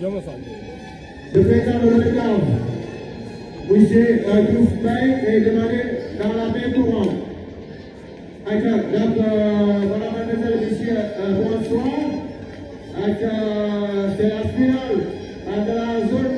Joma Fall. de M. et est demandé dans la main courante. Donc, euh, voilà, mademoiselle, monsieur, euh, bonsoir. C'est la finale la zone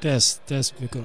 Test, test mikro.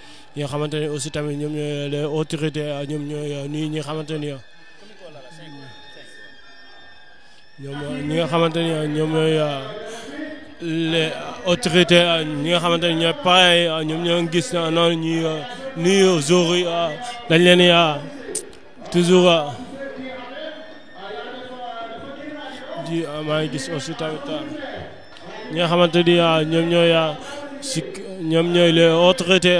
ñi nga xamante ne aussi tamit ñoom ñooy les autorités ñoom ñooy nuyu ñi nga xamante ni ñoom ñi nga xamante ni ñoom ñooy les autorités ñi nga xamante ni ñooy pareil ñoom ñoo gis noonu ñuy nuyu jour yi dañ leen toujours di maa ngi gis aussi tamit ñi nga xamante ni ñoom ñooy si ñoom ñooy les autorités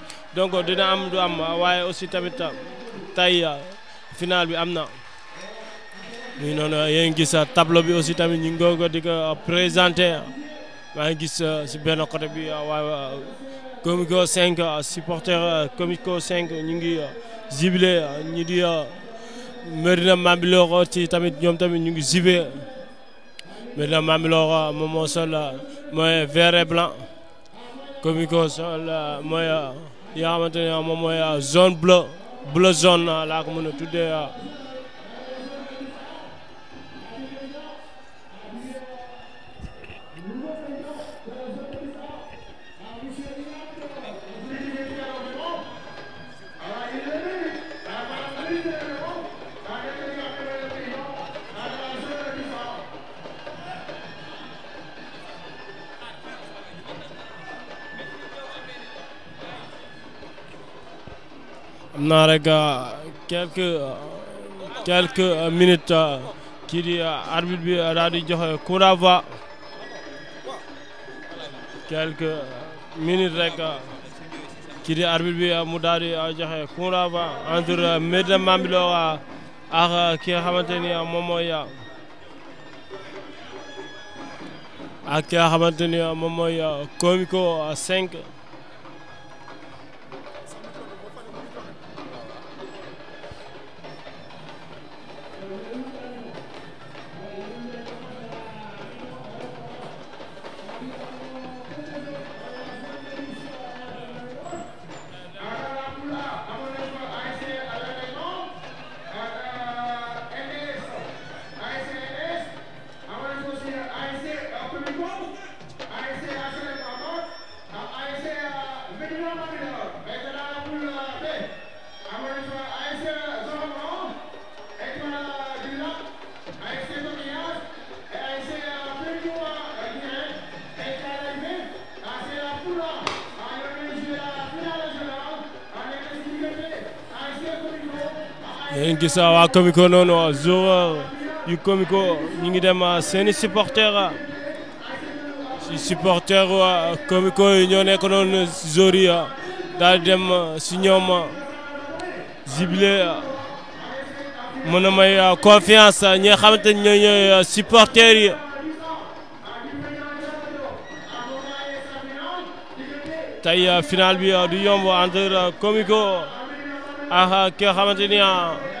donc dina am du am waye aussi tamit tay final bi amna na. non noonu yéen gis tableau bi aussi tamit ñi ngi ko di ko présenté maa ngi gis ci euh, benn côté bi euh, waye euh, Comico 5 supporter Comico 5 ñi ngi zibilé ñu di Medina ko ci tamit ñom tamit ñi ngi zibe Medina Bambilor mo mo sol moy vert et blanc Comico sol mooy. Il y euh, a maintenant un zone bleue, bleue zone, là, comme on a tout dit. naa rek quelques quelques minutes kii di arbitre bi daal joxe coup d'envoi quelques minutes rek kii di bi mu daal euh, joxe coup d'envoi entre euh, Médina Bambilor euh, ak ki nga xamante ni moom mooy ak ki nga xamante ni moom mooy Comico 5 gis waa Comico noonu joueur yu Comico ñi ngi dem euh, seeni supporter euh, si supporter waa euh, Comico ñu nekk non zoria dal dem si ñoom jibile mëna may confiance ñi xamanteni ñoy ne supporter yi tay final bi du yomb entre Comico aha ke xamanteni xamante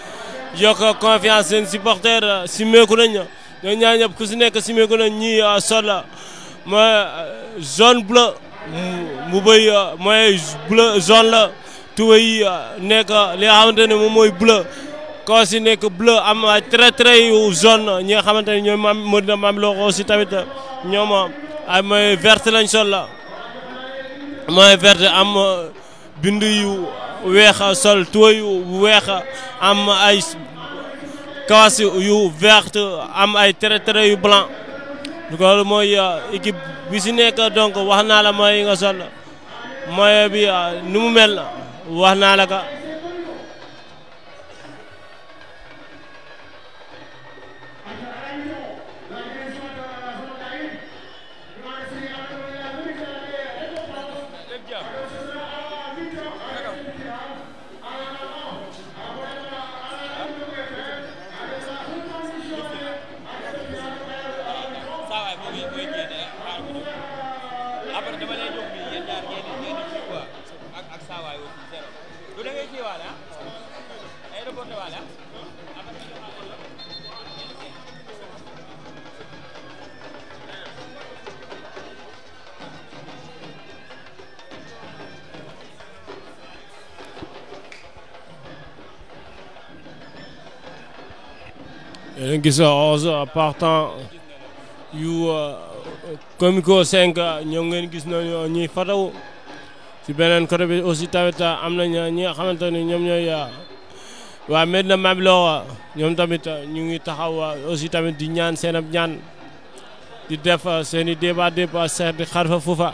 yoko confiance en supporter nañ ñoo je ku si nekk simeeku nañ ñi ah, sala ah. mooy ah, zone bleu, mu suis moy bleu zone la Tu yi nekk li xamantene xamante ne bleu ko si nekk bleu am très très zone ñi xamantene ñoy ne ñoom mam lo ko ci aussi tamit ñoom ay verte lañ sol am weex a sol tuwa yu weex am ay kawas yu verte am ay traits traits yu blanc loolu mooy euh, équipe bi si nekk donc wax naa la mooy nga sol mooy bi euh, nu mel wax gis onze partant yu euh, comico cinq ñoom ngeen gis noonu ñuy fatawu ci beneen côté bi aussi tamit euh, am nañ ñi nga xamante ni ñoom ñooy euh, waa na Mamlo ñoom tamit ñu ngi taxawa aussi tamit di ñaan seen ab ñaan di def seen i débat débat di xarfa fufa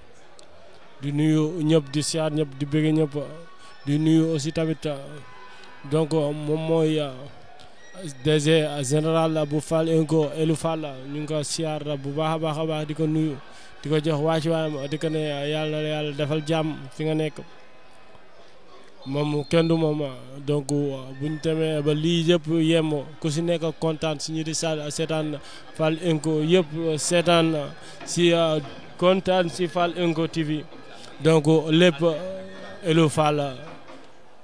di nuyu ñëpp di siyaar ñëpp di bëgg ñëpp di nuyu aussi tamit euh, donc euh, moom mooy euh, DG général bu Fall Inco Elou Fall ñu ngi ko siyaar bu baax a baax a baax di ko nuyu di ko jox waa ci waayam di ko ne yàlla yàlla defal jàmm fi nga nekk moom kenn du moom donc buñ ñu demee ba lii yëpp yem ku si nekk kontaan si ñu di seetaan Fall Inco yëpp seetaan si kontaan si Fall Inco TV. donc lépp Elou Fall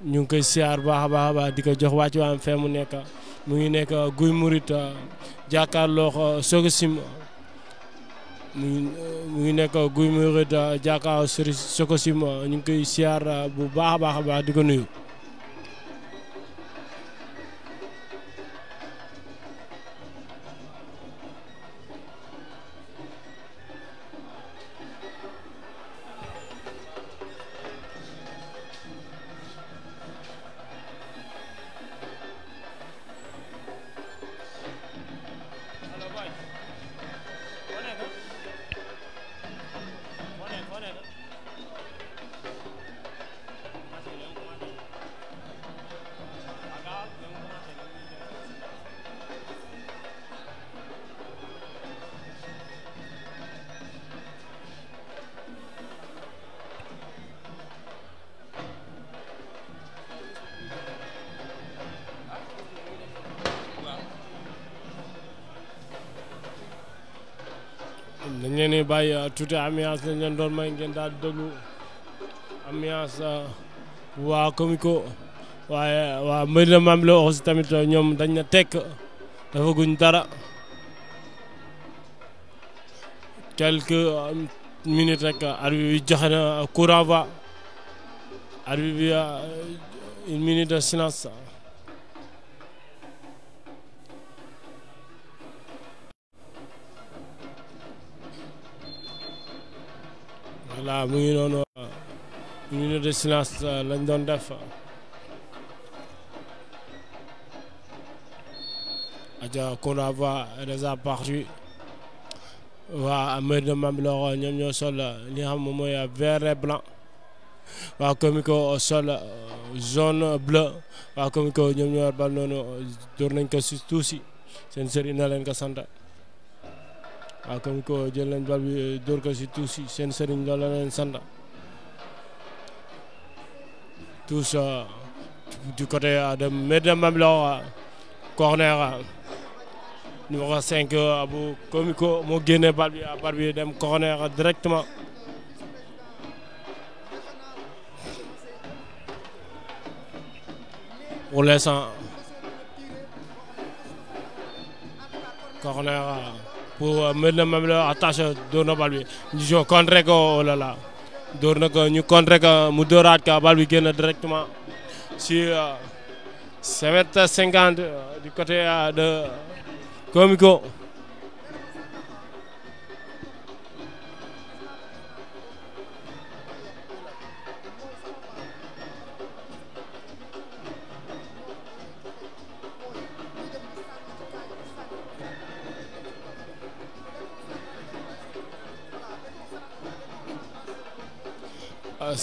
ñu ngi koy siyaar baax a baax a baax di ko jox wàcc waam fee mu nekk mu ngi nekk Guy Murit jàkkaarloo Sococim mu ngi nekk Guy Murit jàkkaarloo Sococim ñu ngi koy siyaar bu baax baax a baax di ko nuyu leen di bàyyi euh, tuuti ambiance lañ leen doon may ngeen daal di déglu ambiance euh, waa Comico waaye waa Medina Mame Lo aussi tamit euh, ñoom dañ na tekk dafa guñ dara quelques minutes rek arbitre bi joxe na courant va bi une minute de silence Nous, sommes ngi noonu de silence ah, lañ doon def aja convoi déjà parti waa mairie de Bambilor Nous ñoo sol li xam vert et blanc waa comico sol jaune bleu waa comico ñoom ñoo war bal noonu nañ ko seen waaw ko jël nañ bal bi euh, dóor ko si tuus seen sëriñ loolu la leen sant tous du côté euh, de Medina Bambilor euh, corner numéro 5 Abou Komiko mo génne bal bi bal bi dem corner directement pour l'instant corner pour euh, mettre le même attache na Balbi. Nous ñu contre ko oh, oh là là contre euh, mu dorat ka balbi directement sur 750 euh, du côté de Comico.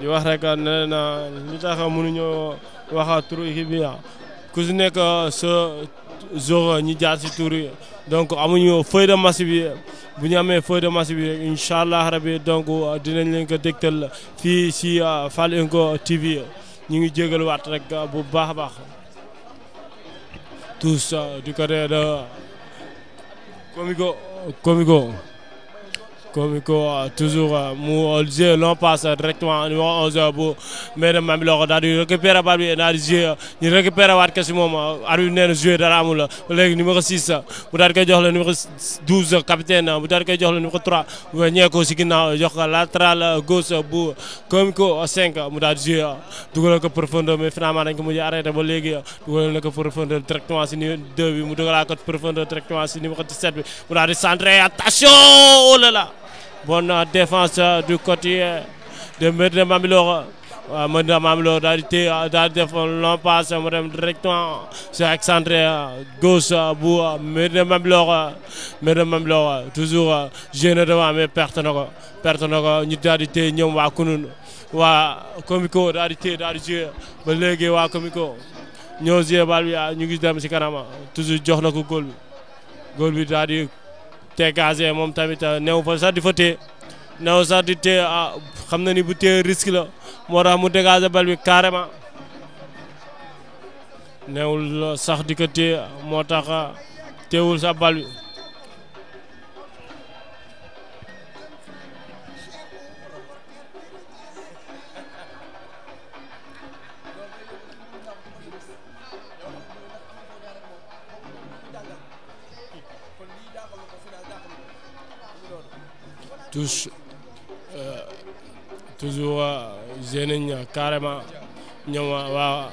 di wax rek ne na li tax mënuñoo waxaat turu équipe bi ah. ku si nekk sa jour ñi jaar si tur yi donc amuñu feuille de match bi bu ñu amee feuille de bi rek allah rabi donc ah, dinañ leen ko dégtal fii si ah, Falnco TV ñu ngi jégal waat rek bu baax a baax tous du côté de Comico Comico euh, toujours Moulzier l'on passe directement au niveau 11 bu Maïdou Bambilor daal di récupérer bal bi daal di jouer ñu récupérer waat ko si moom euh, arbitre nee na jouer dara amul euh, léegi numéro 6 mu daal di koy jox le numéro 12 capitaine mu daal di jox la numéro 3 mu ñëw ko si ginnaaw jox ko latéral gauche pour bu Comico 5 mu daal di jouer dugalal ko profondeur mais finalement dañ ko mujj arrêté ba léegi dugalal ko profondeur directement si numéro 2 bi mu dugalal ko profondeur directement si numéro 17 bi mu daal di attention oh là là bonne euh, défense euh, du côté euh, de Medina Mamilor. Medina Mamilor dans le défense, l'on passe directement sur Accentré gauche pour Medina Mamilor. Medina Mamilor toujours gêné devant mais personne. Personne, nous dans le thé, nous sommes waa Comico daal di ba léegi wa Comico ñoo jé bal bi ñu gis dem si kanam toujours jox na ko góol bi góol bi daal te gazé moom tamit euh, néew fa sax di fa téye néew sax di téye ah, xam na ni bu téye risque la moo tax mu dégagé bal bi carrément néewul sax di ko téye moo tax ah, téewul sax bal bi. tous euh, toujours gêné euh, nañ carrément ñoom waa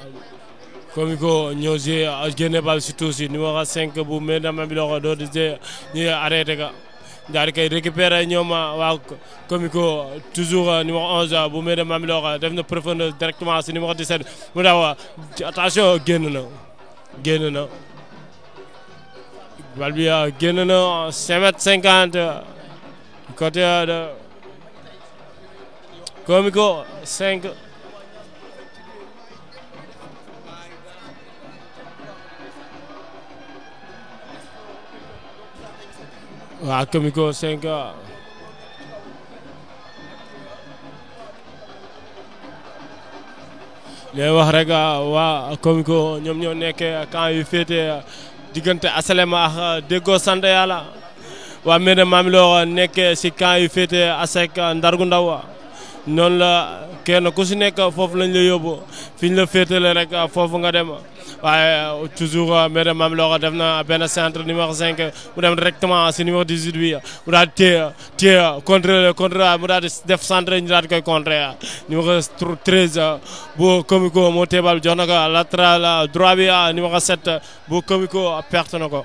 Comico ñëw euh, si génne bal si tuus yi numéro 5 bu Mbendamba Mbilor doo di see ñu arrêté ka daal di koy récupéré ñoom waa Comico toujours numéro 11 bu Mbendamba Mbilor def na profondeur directement si numéro 17 mu daw attention génn na génn na bal bi génn na 7 50 côté euh, de Comico 5 waaw Comico wax rek euh, waa Comico ñoom ñoo nekk camp yu féete euh, diggante asalema ak déggoo waa Médina Bambilor nekk si camp yu féete ASEC Ndargu wa noonu la kenn ku si nekk foofu lañ la yóbbu fi ñu la féetale rek foofu nga dem waaye toujours Médina Bambilor def na benn centre numéro 5 mu dem directement si numéro 18 bi mu daal di téye téye contrôlé contrôlé mu daal di def centre ñu daal di koy contré numéro 13 bu la moo téebal jox droit bi numéro 7 bu Comico perte na ko.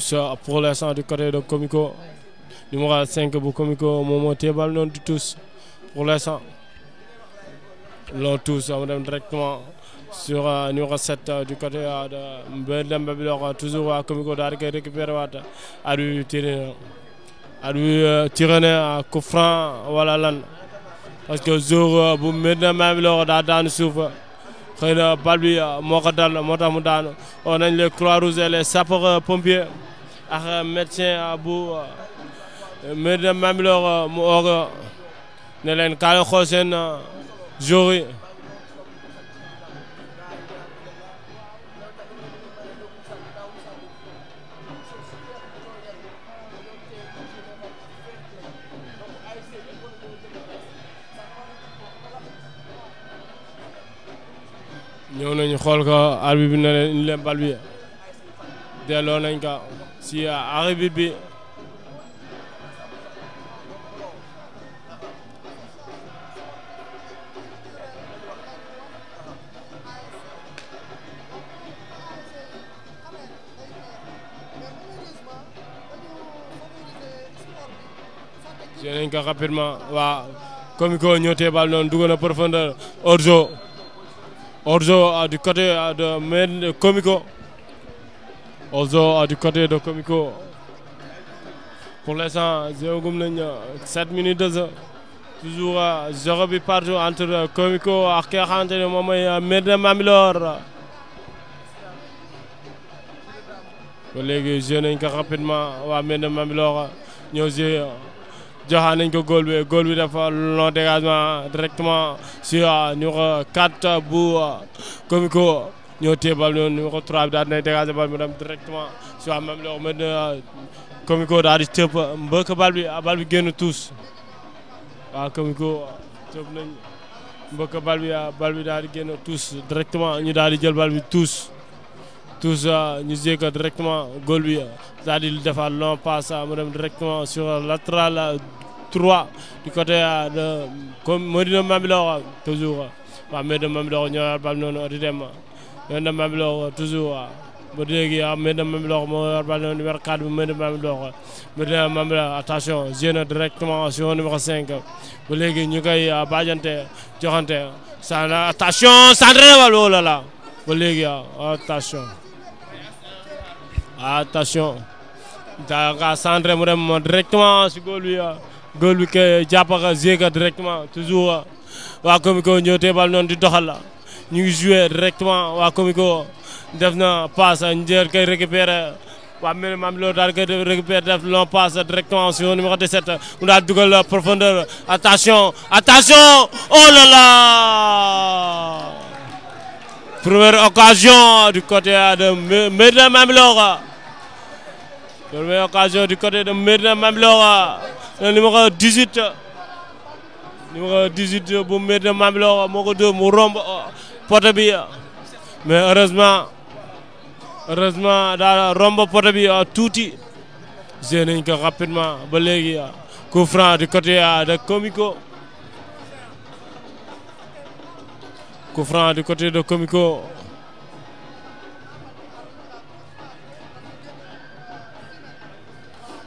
ça pour l'instant du côté de Comico. Numéro 5 pour Comico, Momo Tebal non du tous pour l'instant. L'on tous, on est directement sur euh, numéro 7 euh, du côté euh, de Mbendem Babylon, toujours à Comico d'Arc récupéré à lui tirer. À lui tirer à Koufran, voilà là. Parce que le Mbendem Babylor, dans le xëy na bal bi euh, moo ko dal moo tax mu daanu oo oh, nañ les croix rouge et les sapeurs pompiers ak médecin euh, bu euh, Médina Bambilor mu oog ne leen kaale xool seen jour ñëw nañu xool ko arbitre bi leen indi delloo nañ ko si arbitre bi jël nañ ko rapidement waa comico ñëw tee bal noonu dugg na profondeur hors a du côté euh, de Maine Comico. a du côté de Comico. Pour l'instant, 7 euh, minutes Toujours 0 euh, partout entre Comico et Arquerante, Mamay Maine Mamilor. Collègues, jeunes rapidement, Maine Mamilor. Nous joxa nañ ko goal bi goal bi dafa long dégagement directement sur numéro 4 bu comme ko ñu té bal ñu numéro 3 bi daal né dégager bal bi dem directement sur même leur comme ko daal té mbeuk bal bi bal bi génn tous wa waaw comico tëpp nañ mbeuk bal bi bal bi daal di génn tous directement ñu daal di jël bal bi tous touche ñu jékka directement góol bi c'est-à-dire defaat long passe mu dem directement sur latéral 3 du côté de comme Modina Bambilor toujours waaw Modina Bambilor ñëwaat bal noonu di dem Modina Bambilor toujours ba léegi ah Modina Bambilor moo yor bal noonu numéro 4 bi Modina Bambilor Modina Bambilor attention jéem directement sur numéro 5 ba léegi ñu koy euh, baajante joxante sa attention centre na la ba léegi attention. attention Sandra Mourem directement sur le bi góol bi directement toujours Wa Comico ñëw teebal noonu di doxal la directement Wa Comico def passe njër récupérer. récupéré waa mel récupère. Dalke récupère passe directement sur numéro 17 a du la profondeur attention attention oh là là première occasion du côté de Medina Mamlo. Nouvelle occasion du côté de Medina Mamlora. Le numéro 18. Numéro 18 pour Medina Mamlora. Moko 2, Mourombo, euh, Potabia. Mais heureusement, heureusement, dans Rombo euh, tout Touti. Zénin rapidement, Belégui. Euh, coup franc du côté de Comico. Coup du côté de Comico.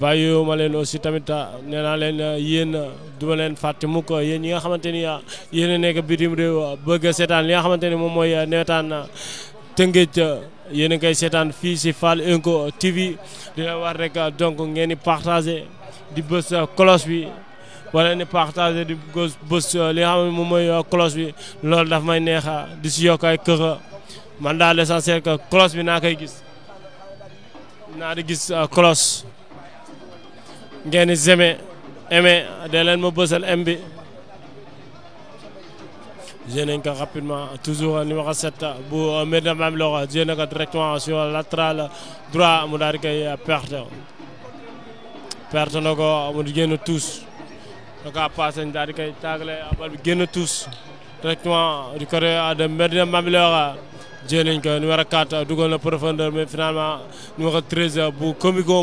Bayu malen aussi tamit ah, neena len yeen duma ah, len ah, ma muko yeen yi nga xamanteni ni yéen a bitim rew beug setan li nga xamanteni mom moy netan nawetaan yeen ngay setan fi ci fal enko TV di la war rek donc ngeni di bus di beus cloche bi wala ni partager di beus li nga xamanteni ne moy cloche bi lol daf may nexa di ci yokay keur man daal l'essentiel que cloche bi na kay gis na di gis cloche ngeen zeme aimé da leen Mb. Je rapidement toujours numéro 7 Pour Medina Mame je directement sur latéral droit mu daal perte perte tous Nous passé j'ai tous directement du côté de numéro 4 profondeur mais finalement numéro 13 bu Comico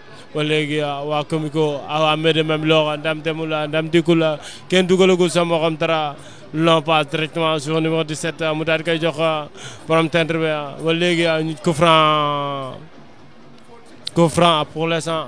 ba léegi ah, waa comico ah, waa Médé même looxa ndam demul ndam dikkul kenn dugalagul sa moxam dara long passe directement sur numéro 17 ah, mu daal di koy jox borom tentre bi ba léegi ñu coup franc coup franc pour l'instant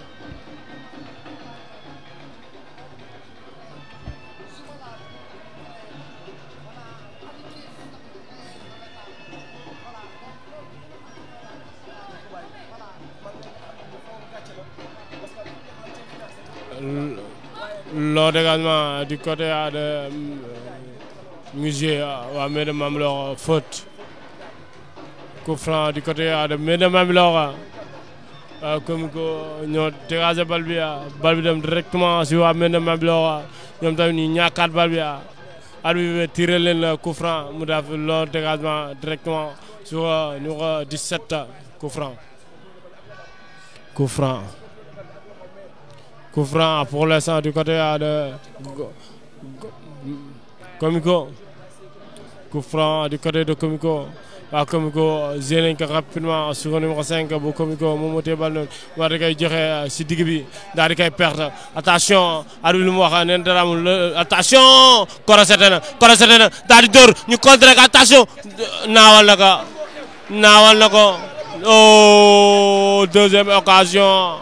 également euh, du côté euh, de Musée à Medem faute. Coup franc du côté euh, de Medem Mamelor. Comme nous dégagé Balbi, Balbi directement sur Medem Mamelor. Nous avons eu 4 Balbi. Albi tirer le coup franc, nous avons le dégagement directement sur nous 17 coup franc. Coup franc pour l'instant du côté euh, de Comico. Coup franc du côté de Comico. rapidement sur le numéro 5 bu Comico moom moo bal noonu war di koy joxe euh, si digg bi daal perte attention ar bi lu mu neen dara amul euh, attention korosete na korosete na daal di ñu contre ko attention naawal na ko naawal na ko oh deuxième occasion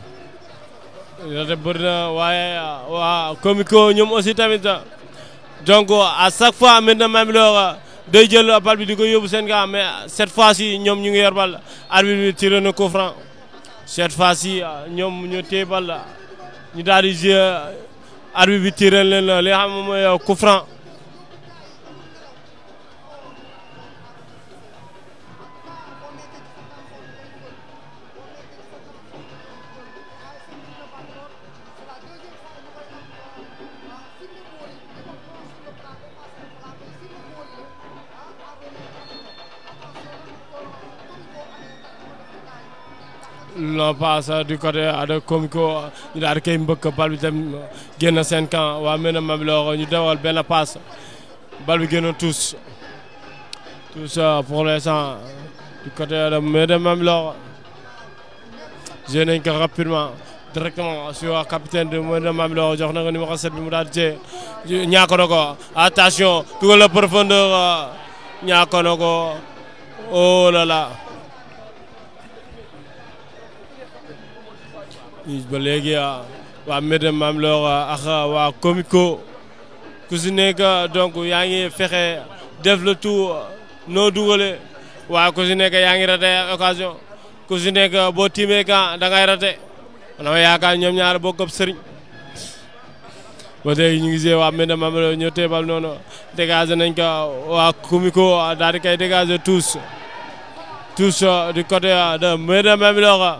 yoote bëri na waaye waa comico ñoom aussi tamit donc à chaque fois maintenant Bambilor day jël bal bi di ko yóbbu seen gaa mais fois ci ñoom ñu ngi yor bal arbitre bi fois ci ñoom ñu téye ñu daal di jouer arbitre bi tiré leen li nga l'on passe du côté de Comico ñu il di koy mbëkk bal a dem camp de Médina Il ñu le passe de tous tous euh, pour l'instant du côté de Médina de j'ai rapidement directement sur capitaine de Médina jox na numéro 7 bi mu attention tout le profondeur euh, oh là là ba léegi ah, waa Medem Mame Lor ah, ak ah, waa Comico ku si nekk donc yaa ngi fexe def le noo dugale waa ku si nekk yaa ngi rate occasion ku si boo tiimee kan da ngay rate dama yaakaar ñoom ñaar boo ab sëriñ ba léegi ñu ngi see waa Medem Mame Lor ñoo teebal noonu dégagé nañ ko waa Comico daal di koy dégagé tous tous du côté de Medem Mame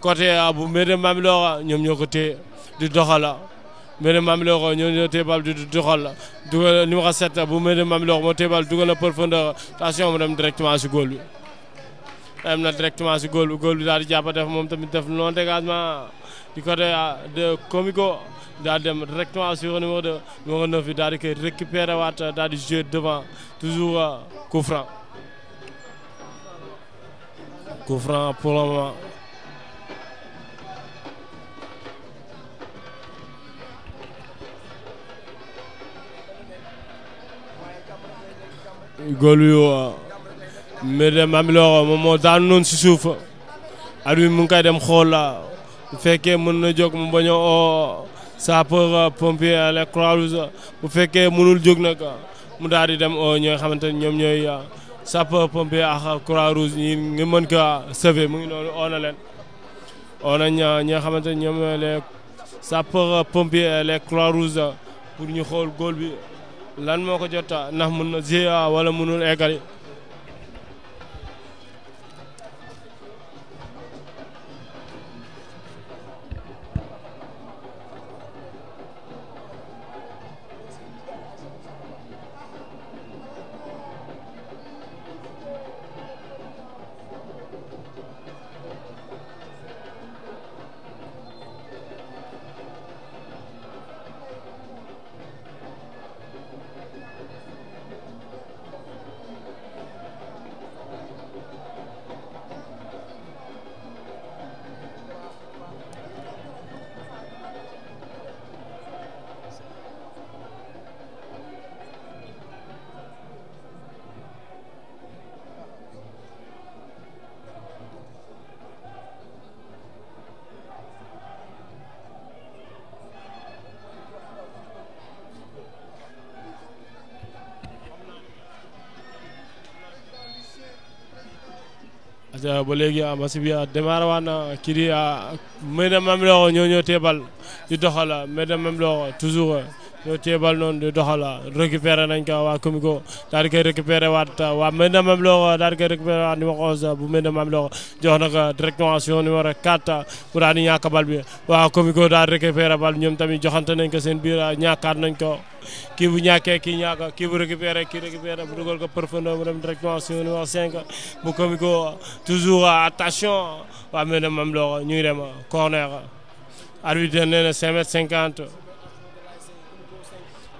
côté bu Médina Bambilor ñom ñoko té di doxala Médina Bambilor ñoom ñoo bal di numéro 7 bu mo bal profondeur attention mu directement ci goal, bi. dem directement ci gol bi gol bi daal di def mom tamit def non dégagement du côté ah, de Comico daal directement sur numéro 2 numéro 9 daal récupérer waat daal di jouer devant toujours ah, coup franc. pour le moment. góolu yo euh, mbir Bambilor moom moo daanu noon si suuf at bi mu ngi koy dem xool bu fekkee mën na jog mu bañ a oo sapeur euh, pompier les croix bu fekkee mënul jóg nag euh, mu daal di dem oo ñi nga xamante ne ñoom ñooy sapeur pompier ak Croix-Rouge ñi ngi mu ngi noonu oo na ñu xool góol bi lan moo ko jot ndax mun na GA wala munul eggali ba a match a démarré waan na a di ah, Maïda Mamilor ñoo ñoo teebal di doxal ah, Maïda Mamilor toujours ah, ñoo teebal noonu di doxal récupéré nañ ko waa Comico daal di koy récupéré waat waa Maïda Mamilor daal di koy récupéré waat numéro 11 bu Maïda Mamilor jox na ko directement sur numéro 4 mu daal di ñàkk bal bi waa Comico daal di bal ñoom tamit joxante nañ ko seen biir ñàkkaat qui bu ñàkkee kii qui vous bu récupéré récupéré bu ko profondeur directement sur numéro 5 comme toujours attention à même même l'or ñu le corner arbitre 5 mètres 50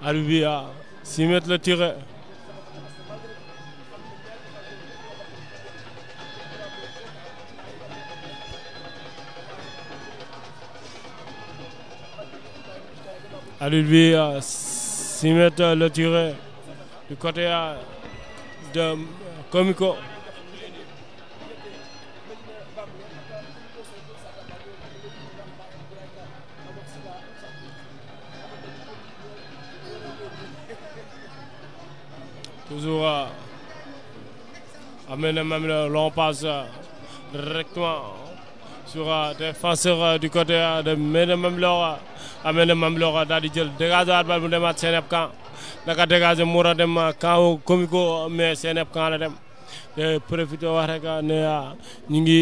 arbitre À 6 ah, mètres tire tiré arbitre ah, Simet euh, le tiré du côté euh, de euh, Comico. Toujours amène même le passe directement sur des défenseur du côté de même' amee na mam loxo daal di jël dégagé waat bal mu demaat seen ab camp naka dégagé mu war a dem camp comico la dem te profité wax rek ne ah, ah, ah, ñu ngi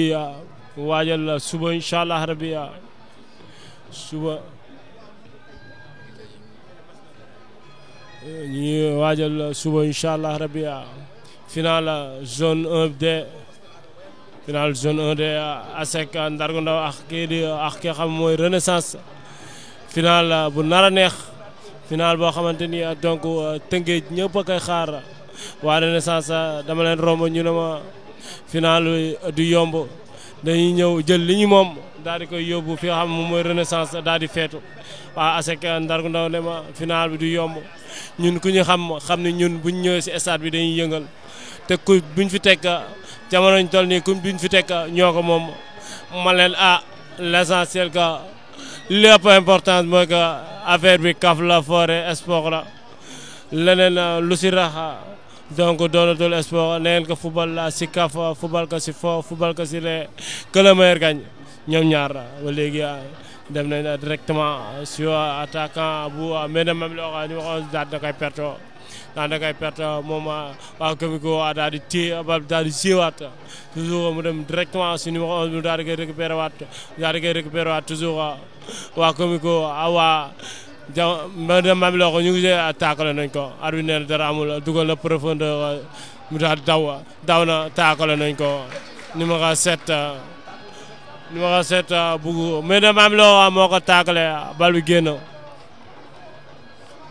waajal suba incha allah rabi suba ñu ngi waajal suba rabi zone 1D final zone 1D ASEC Ndargu Ndaw ak kii di mooy renaissance final euh, bu nar a neex final boo xamante ni euh, donc euh, tëngeej ñëpp a koy xaar waa Renaissance dama leen romb ñu ne ma final du yomb dañuy ñëw jël li ñu moom daal di koy yóbbu fi xam moom mooy Renaissance daal di feetu waa ASEC Ndargu Ndaw ne ma final bi du yomb ñun ku ñu xam xam ne ñun buñ ñëwee si stade bi dañuy yëngal te ku buñ fi teg jamono ñu toll nii ku buñ fi teg ñoo ko moom ma ah l'essentiel que lépp importance mooy que affaire bi kaf la foore sport la leneen euh, lu si rax donc doonatul sport neen ko football la si kaf football ko si fo football ko si ree ñoom ñaar ba léegi euh, dem nañ directement sur attaquant bu euh, mel ne même loo xam ne waxoon daal da koy perto ndax da ngay perte moom waa Comico daal di téye bal daal di siiwaat toujours mu dem directement si numéro 11 bi daal di koy récupéré waat daal di koy récupéré waat waa Comico waa ah, ja Bambilor ñu ngi see taakale nañ ko arbitre nee na dara dugal na profondeur mu daal daw daw na taakale nañ ko numéro 7 numéro 7 ah, bugg mais de Bambilor ah, moo ko taakale bal bi génn.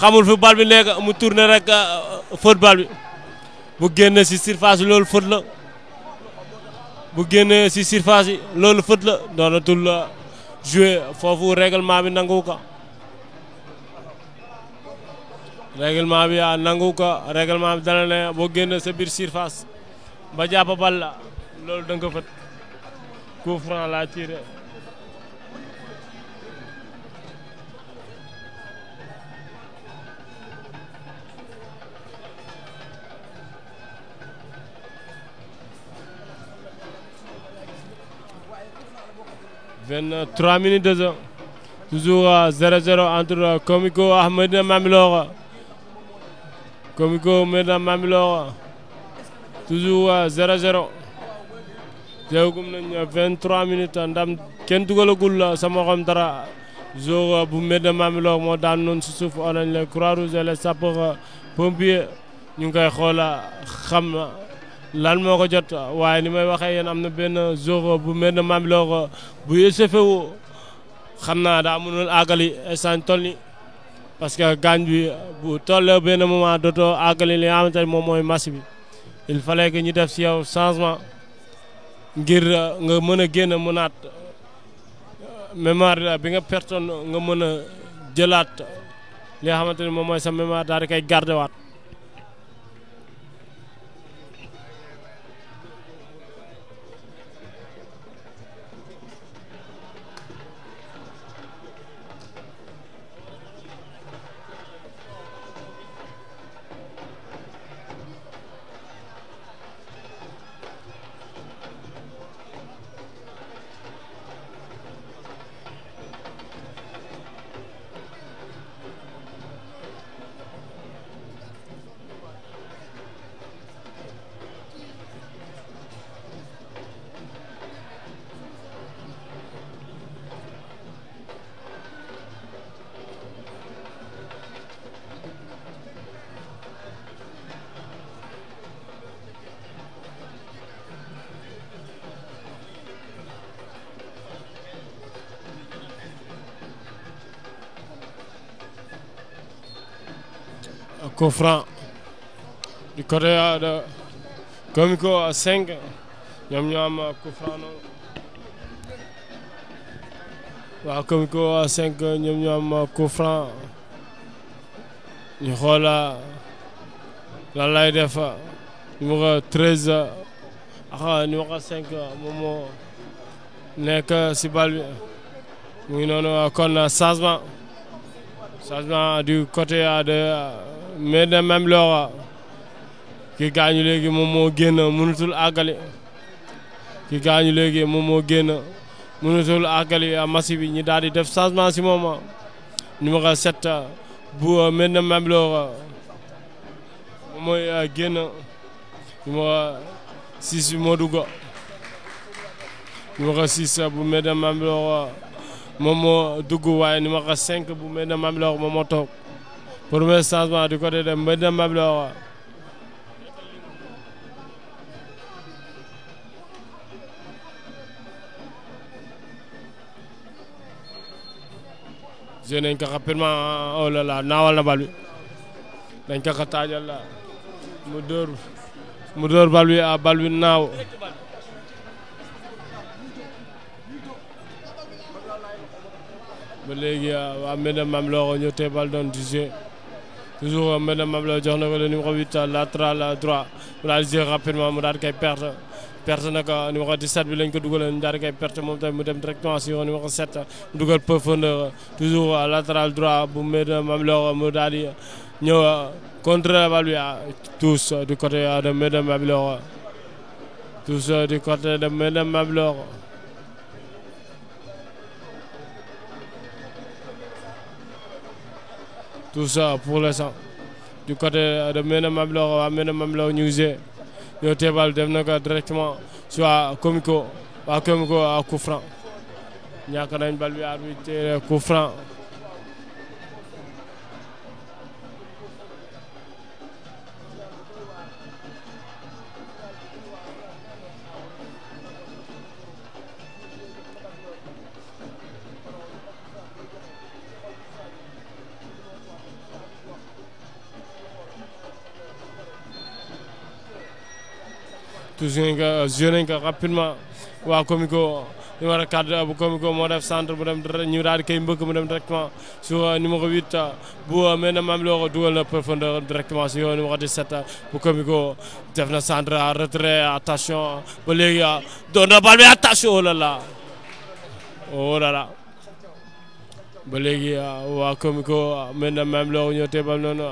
xamul fi bi nekk mu tourné rek euh, faute bal bi bu génne si surface bi loolu faute la bu génne si surface bi loolu faute la doonatul euh, jouer foofu règlement bi nangu ko règlement bi a euh, nangu ko règlement bi dana ne boo génne sa biir surface ba jàpp bal la loolu da nga ko fët laa tiré 23 minutes de jeu toujours 0-0 entre Comico ak Medina Bambilor Comico Medina Bambilor toujours 0-0 jeegum nañ 23 minutes ndam kenn dugalagul sama xom dara jour bu Medina Bambilor moo daan noonu si suuf onañ les Croix-Rouges et les ñu ngi xoola xam lan moo ko jot waaye ni may waxee yéen am na benn jour bu mel ne Bambilor bu échauffé wu xam naa daa mënul àggali instant toll ni que gaañ bi bu tollee benn moment dootoo àggali li nga xamante ne moom mooy match bi il fallait que ñu def si yow changement ngir nga mën a génn mënaat mémoire bi nga perton nga mën a jëlaat li nga xamante ne moom mooy sa mémoire daal di koy garder coup franc du côté euh, de Comico à 5 ñoom ñoo am euh, coup Comico à 5 ñoom ñoo am Nous euh, franc la xool lan lay numéro 13 ak ah, numéro 5 Momo moo nekk si bal bi mu ngi noonu kon changement changement du côté de. mais même loowa ki gaañu léegi moom moo génn mënutul àggali ki gaañu léegi moom moo génn mënutul àggali masi bi ñi daal di def changement si moom numéro 7 bu euh, mel na même loowa moom mooy euh, génn numéro 6 bi moo dugg numéro 6 bu mel na même loowa moo dugg waaye numéro 5 bu mel na même loowa moo toog. premier changement du côté de Medina Mbambilor joué nañ ko rapidement oh là naawal na bal bi dañ ko taajal la mu dóor mu dóor bal bi a ah, bal naaw ba léegi ah, waa Medina Mbambilor ñoo tee bal toujours euh, Mme Mable jox le numéro 8 euh, latéral euh, droit pour daal di rapidement Mme daal di Personne perte perte nag numéro 17 bi lañ ko dugalee mu daal perte tamit mu directement sur numéro 7 dougal dugal profondeur toujours latéral droit pour Medem Mable mu daal contre la tous du côté de Mme Mable tous du côté de Madame Mable tout ça pour l'instant du côté de Ména Mamlor waa Ména Mamlor ñu directement, soit à Comico, directement Comico à Comico Il coup a arbitre touché nga joué euh, nga rapidement waa Comico numéro 4 bu Comico moo def centre mu dem ñu daal di directement sur euh, numéro 8 euh, na profondeur directement sur numéro 17 bu Comico def centre retrait attention ba léegi doon na bal oh oh waa Comico mel ne maam loo ñëw bal noonu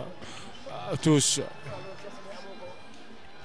touche.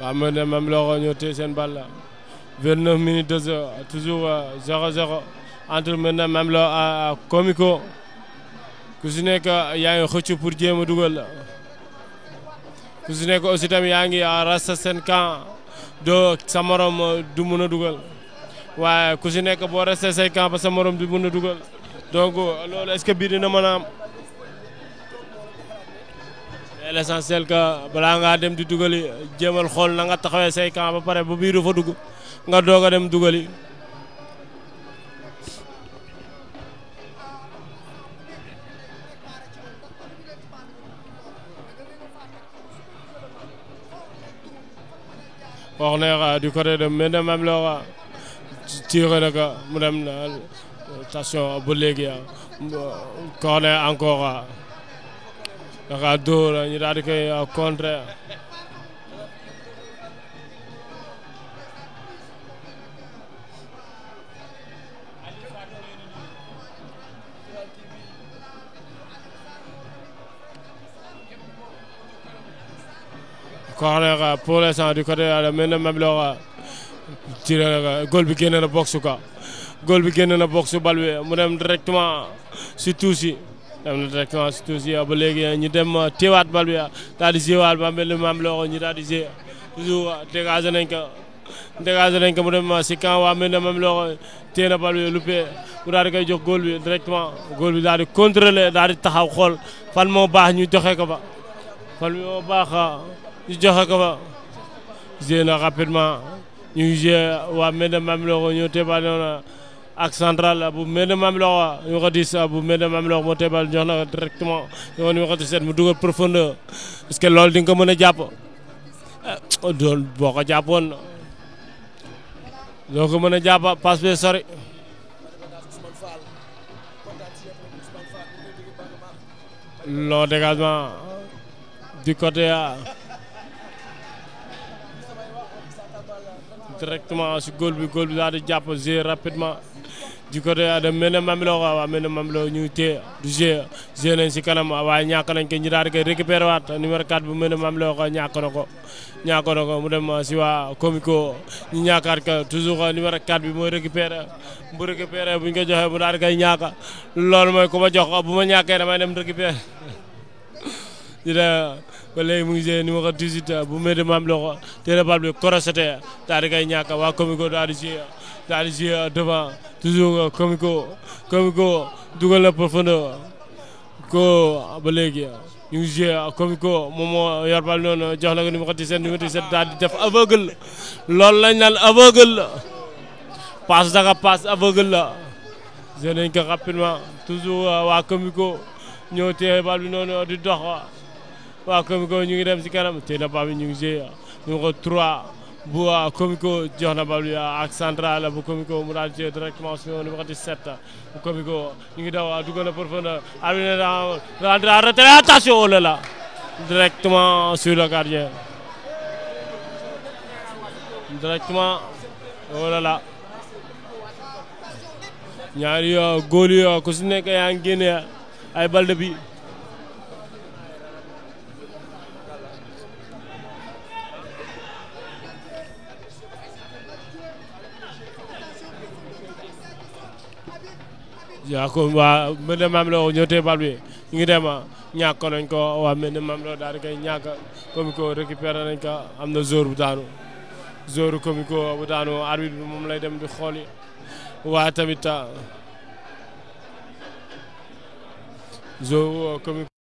Bamba Deme am loxo ñoo téye seen bal la 29 minutes de jeu toujours 0-0 euh, entre maintenant même lo à Comico ku si nekk euh, yaa ngi xëcc jéem a dugal ku si nekk aussi tamit yaa ngi euh, rasta seen camp doo sa morom du a dugal waaye ku si nekk boo resté say camp ba sa morom du a dugal donc loolu est-ce que Euh, l' essentiel que balaa ngaa dem di dugali jéemal xool na nga taxawee say camp ba pare ba biiru fa dugg nga doog a dem dugali. wax ne du côté de Mbène Mame Lora tiré na ko mu da kaa dóor ñu daal di koy euh, contrer corner euh, pour l'instant du côté de Mende Mamlor tiré na goal bi génn na box quoi goal bi génn na box bal bi mu dem directement si tuuti dem na directement si touche ba léegi euh, ñu dem euh, téewaat bal bi euh, daal di jéewaat ba mel ni maam loxo ñu daal di jé toujours dégagé nañ ko dégagé nañ ko mu dem si camp waa mel ne maam loxo téye na bal bi luppee mu daal directement góol bi daal di contrôler daal di taxaw xool baax ñu joxe ko ba fan moo baax ñu joxe ko ba jéem na rapidement ñu ngi jéem waa mel ne maam loxo ñëw téewaat noonu ak central bu Médina Bambilor ñu ko diis bu Médina Bambilor moo tee jox na directement yow ni ma mu dugal profondeur est que lool di nga ko mën a jàpp eh, doon boo ko jàppoon doo ko a jàpp passe bi sori. long dégagement du côté directement si góol bi góol bi daal di rapidement. du côté de mena lo wa mena lo ñu té du jé jé nañ ci kanam wa ñak nañ ko ñu daal ke récupérer wat numéro 4 bu mena lo ko ñak nako ñak nako mu dem euh, ci wa comico ñu ñakar ka toujours euh, numéro 4 bi moy récupérer bu récupérer buñ ko joxe bu daal kay ñaka lool moy kuma jox bu ma ñaké dama dem récupérer da ko lay mu ngi jé numéro 18 euh, bu mena mamlo té bal bi corosete daal kay ñaka wa comico daal ci daal di jouer devant toujours euh, Comico Comico dugal la profondeur ko ba léegi ñu ngi jouer moo yor bal noonu jox la ko numéro 17 numéro daal di def aveugle loolu lañ naan aveugle passe daka passe aveugle la jeu nañ ko rapidement toujours euh, waa Comico ñëw téye bal bi noonu di dox waa Comico ñu ngi dem si kanam téye na bal bi ñu ngi jouer bu ah, Comico jox na bal bi ah, ak central ah, bu Comico mu daal di jël directement suñu numéro 17 bu Comico ñu ngi daw dugg na profondeur arbitre rendre à retrait attention oh là là directement sur le gardien directement oh là là ñaari góol yi nekk yaa ngi génne ay bal de yaa ko waa Médina Mame Lo ñoo bal bi ñu ngi dem ñàkk nañ ko waa Médina Mame Lo daal di koy ñàkk Comico récupéré nañ ko am na joueur bu daanu joueur Comico bu daanu arbitre moom lay dem di xooli waa tamit ah, joueur Comico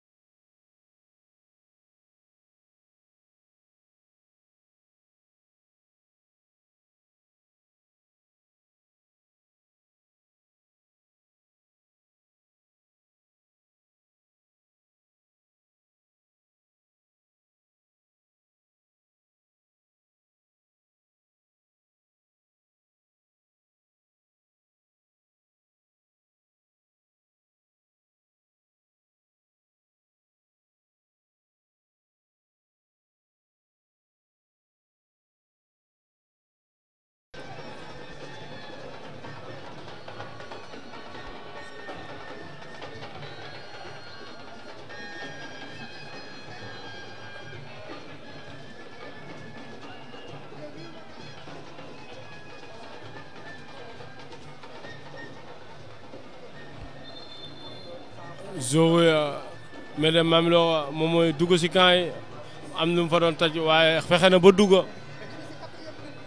jour bi Medem Mamilo moom mooy dugg si camp yi am lu mu fa doon taj waaye fexe na ba dugg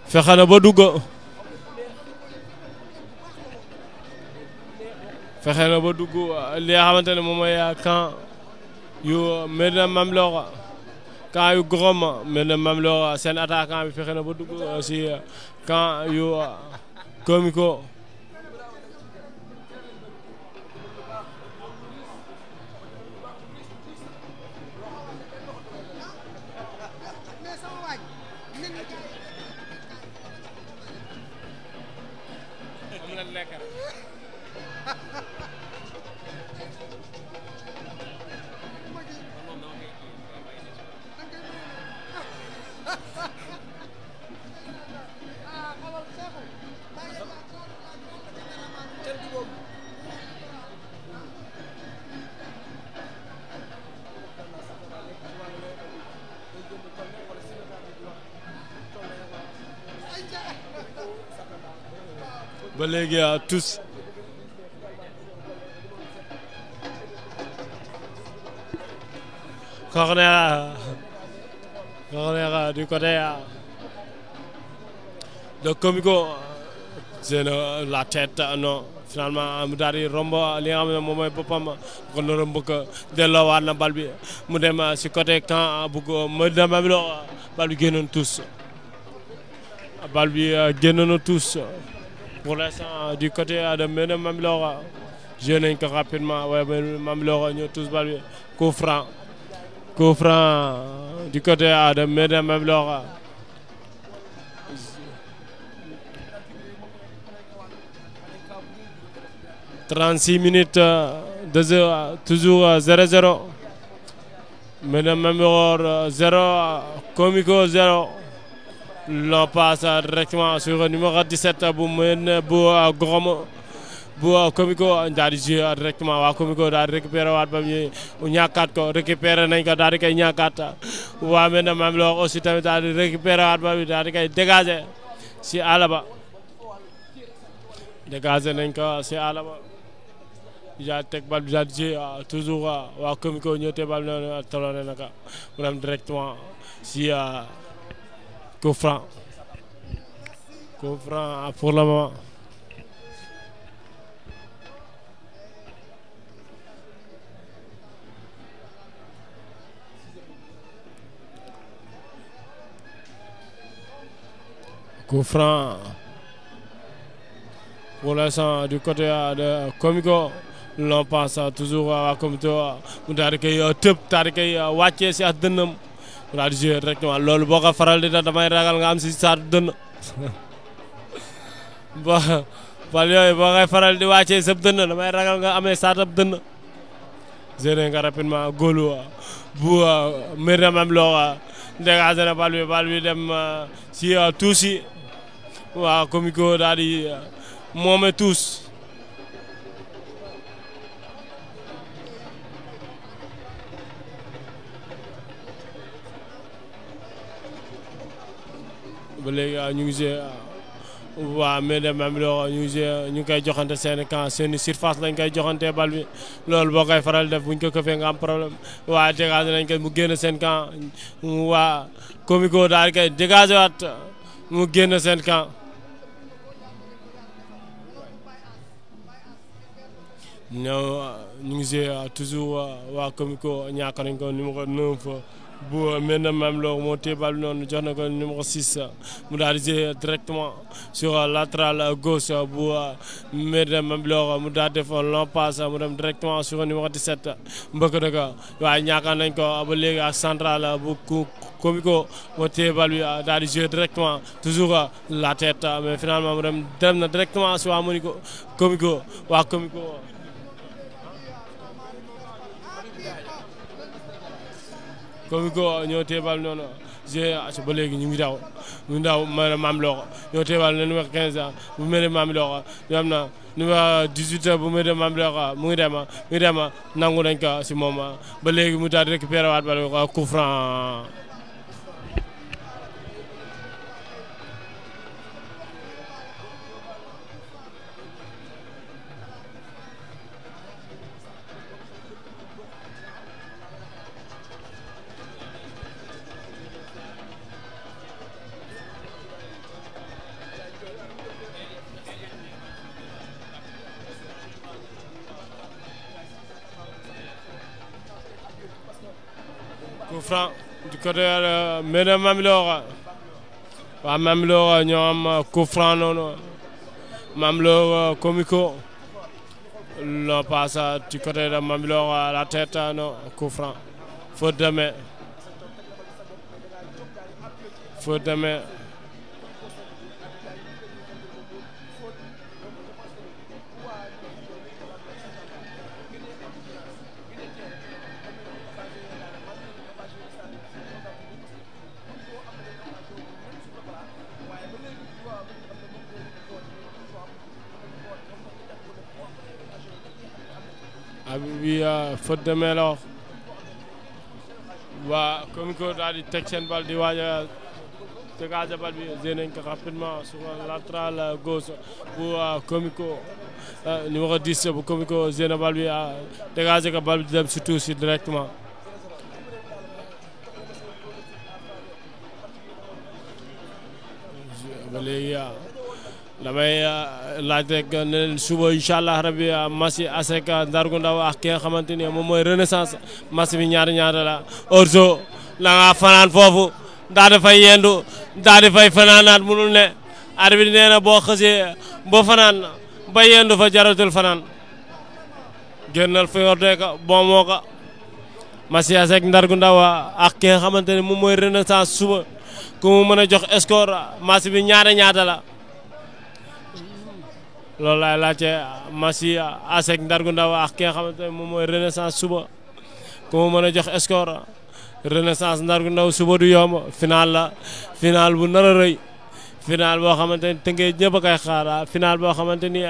fexe na ba dugg fexe na ba dugg euh, li nga xamante ne moom mooy euh, camp yu euh, Medem Mamilo camp yu gorom Medem Mamilo seen attaquant bi fexe na ba dugg si camp yu Comico. tous. Corner. Corner du côté de Comico. C'est la tête, non. finalement mu Rombo, di Momo li nga xam ne moom mooy ce côté quand tous balbi bi euh, tous pour l'instant, du côté de Mme Mamlora, je que rapidement, ouais, Mamlora, nous tous coffrant, coffrant du côté de Mme Mamlora. 36 minutes, 2 toujours 0-0. Mme Mamlora, 0, Comico 0. l'on passe directement sur le numéro 17 bu mën bu gorom bu Comico daal di joué directement waa Comico daal di waat ba mu ñàkkaat ko récupéré nañ ko daal di koy ñàkkaat waa mel ne maam la aussi tamit daal di waat ba mu daal di koy dégagé si àll ba nañ ko si àll ba daal bal bi daal di joué toujours waa Comico ñëw te bal noonu tolloon na naka mu dem directement si. Euh, Coup franc. pour le moment. Coup pour Pour l'instant, du côté euh, de Comico. L'on passe toujours à la comité. Tarikay, top, Tarikay, Waché, c'est à mu rek di jouer directement faral di def ragal nga am si saatu dënn ba bal yooyu boo faral di wàccee sab dënn damay ragal nga amee saatab dënn gérer nga rapidement góolu bu mbir na mam loo dégagé na bal bi bal dem euh, si euh, tuusi waa comico daal di euh, moome ba léegi ah, ñu ngi joué ah, waaw mais de même loo ñu ngi joué ñu ngi koy joxante seen i camp seen surface lañ koy joxante bal bi loolu boo koy faral def buñ ko këfee nga am problème waa dégagé nañ ko mu génn seen camp waa comico daal di koy dégagé mu génn seen camp. Ah, ñu ngi joué toujours waa comico ñàkk nañ ko numéro 9. bu mel na maam Lo moo téye bal noonu jox na ko numéro di jël directement sur latéral gauche bu mel na maam Lo mu daal def long passe mu dem directement sur numéro 17 mbëkk na ko waaye ñaakaan nañ ko ba léegi ak central bu ku Comico moo téye bal bi daal di jouer directement toujours la tête mais finalement mu dem dem na directement sur waa Comico waa Comico komiko ñoo teebal noonu j ah, ba léegi ñu ngi daw ñu ngi ma maam looxo ñoo teebal na numéro ans bu mel ne maam looxo am na numéro bu mel ne maam looxo mu ngi dem mu ngi dem nangu nañ ko si moom ah. ba léegi mu daal récupéré waat bal bi coup franc franc du côté euh, mais de Bambilor waaw Bambilor ñoo am euh, coup franc noonu Bambilor euh, Comico l'on passe du côté de la tête non coup franc faute de main faute Abibiya euh, de Melo waa Comico daal di teg seen bal di waaj a dégagé bal bi génne nañ ko rapidement sur latéral gauche bu euh, Comico euh, numéro 10 bu Comico génne bal bi dégagé ko bal bi di dem si touche directement. ba léegi laaj rek ne leen suba incha allah rabi ah, match ASEC Ndargu ah, Ndaw ak ki nga xamante ni moom mooy renaissance match bi ñaari ñaari la orso la nga fanaan foofu daal di fay yendu daal di fay fanaanaat munul ne arbitre nee na boo xësee ba fanaan ba yendu fa jaratul fanaan génnal fa yor dee ka boo moo ka match ASEC Ndargu Ndaw ah, ak ki mooy renaissance suba ku mu jox score match bi ñaari ñaata loolu laay laajte Massi Asec Ndargu Ndaw ak ki nga xamante ne moom mooy renaissance suba ku ma mën jox score renaissance Ndargu Ndaw suba du yomb final la final bu nar final boo xamante ni tënkee ñëpp a koy final boo xamante ni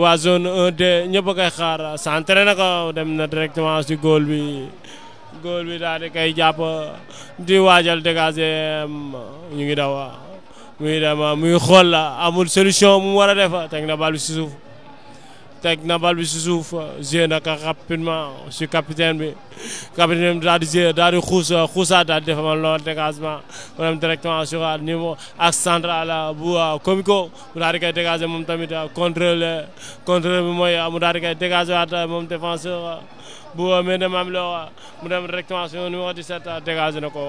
waa zone 1D ñëpp a koy xaar na ko dem na directement si góol bi bi daal di koy jàpp waajal dégager mm, ñu ngi daw. muy dama muy xool la amul mu war a def teg na bal bi si suuf teg na bal bi si na ka rapidement si capitaine bi capitaine bi daal di joué daal di xuus xuusaat daal mu dem directement sur niveau ak central bu mu daal di koy mu daal di koy dégagé waat mu euh, dem directement sur niveau 17 dégagé na ko.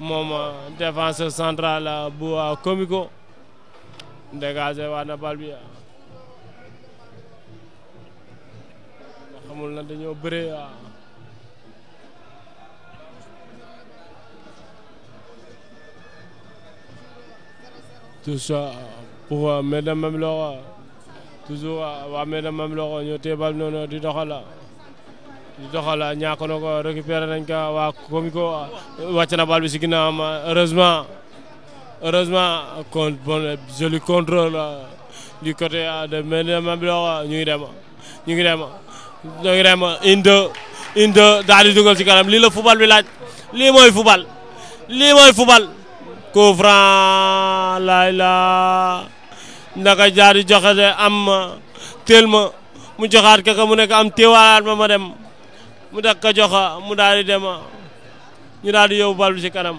moom euh, défenseur central euh, bu euh, Comico dégagé waa na bal bi xamul na dañoo bëree tous pour Médina Mamekh toujours waa Médina Mamekh ñoo téebal noonu di doxal di a ñàkk na ko récupéré nañ ko waa Comico wàcc na bal bi si ginnaawam heureusement heureusement joli contrôle du côté ah, de Medina Bambilor ñu ngi dem ñu ngi dem ñu ngi dem une deux une deux daal di dugal ci lii la football bi laaj lii mooy football lii mooy football coup franc laay la naka jaar di joxe am teel mu joxaat kaka mu nekk am téewaalaat ma ma dem mu dak ka joxa mu daal di dem ñu daal di yóbbu bal bi ci kanam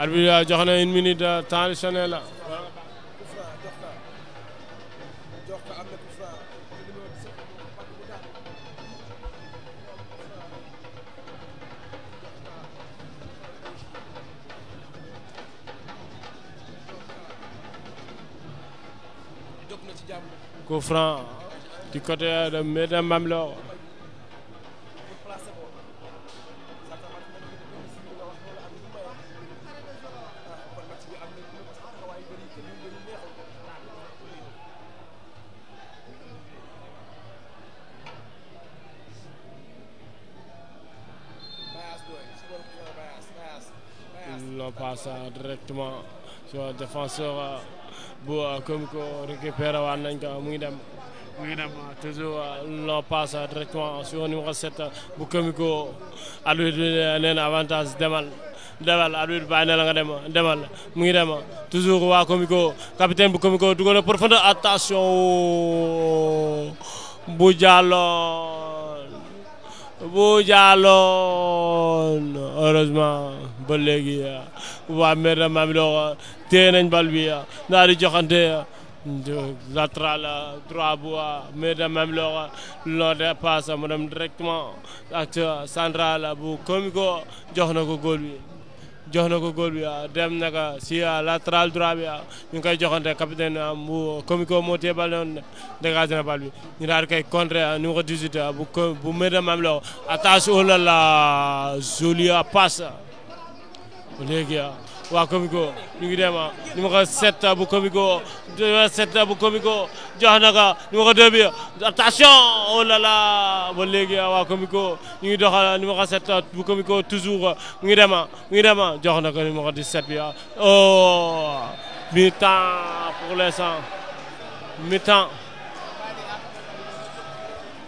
أربيا جهنا إن مني دا تاني سنة لا. كفران. دي كتير دا ميدا مملو. directement sur défenseur ah, bu comme ko récupère wan nañ ko mu dem mu dem toujours l'on passe directement sur numéro 7 bu comme ko alu len avantage demal demal arbitre bay na la nga dem demal mu ngi dem ah. toujours wa komiko capitaine bu komiko dugal na profondeur attention oh, bu jallo bu jallo heureusement ba legui ah. waa Merina Bambilor téye nañ bal bi daal droit bu Merina Bambilor loo de passe directement ak central bu Comico jox na ko góol na ko góol bi dem naka si latéral droit bi ñu ngi koy joxante capitaine bu bal na bal bi ñu daal di koy contrer numéro 18 bu bu Merina Bambilor attache au la la jolie passe ba léegi ah, Comico ñu ngi dem ah, numéro 7 bu Comico 7 bu Comico ko numéro 2 bi attention oh là là ba léegi ah, waa Comico ñu ngi doxal numéro 7 bu Comico toujours mu ngi dem mu ngi dem jox ko numéro 17 bi oh mi-temps pour l'instant temps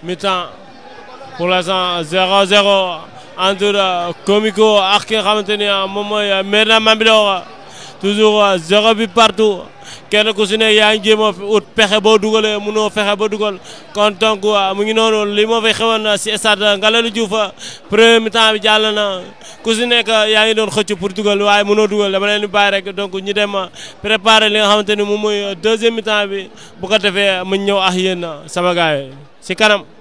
mi-temps pour l'instant 0-0. entre Comico ak ki nga xamante ni ah, moom mooy ah, Merina Mambilor ah, toujours zéro bi partout kenn ku si ne yaa ngi jéem a ut pexe boo dugalee mënoo fexe ba dugal kon donc mu ngi noonu li moo fay xewoon si stade Ngalandou Diouf premier mi-temps bi jàll na ku si nekk yaa ngi doon xëcc pour dugal waaye mënoo dugal dama leen di bàyyi rek donc ñu dem préparer li nga xamante ni moom mooy deuxième mi-temps bi bu ko defee mu ñëw ak yéen sama si kanam.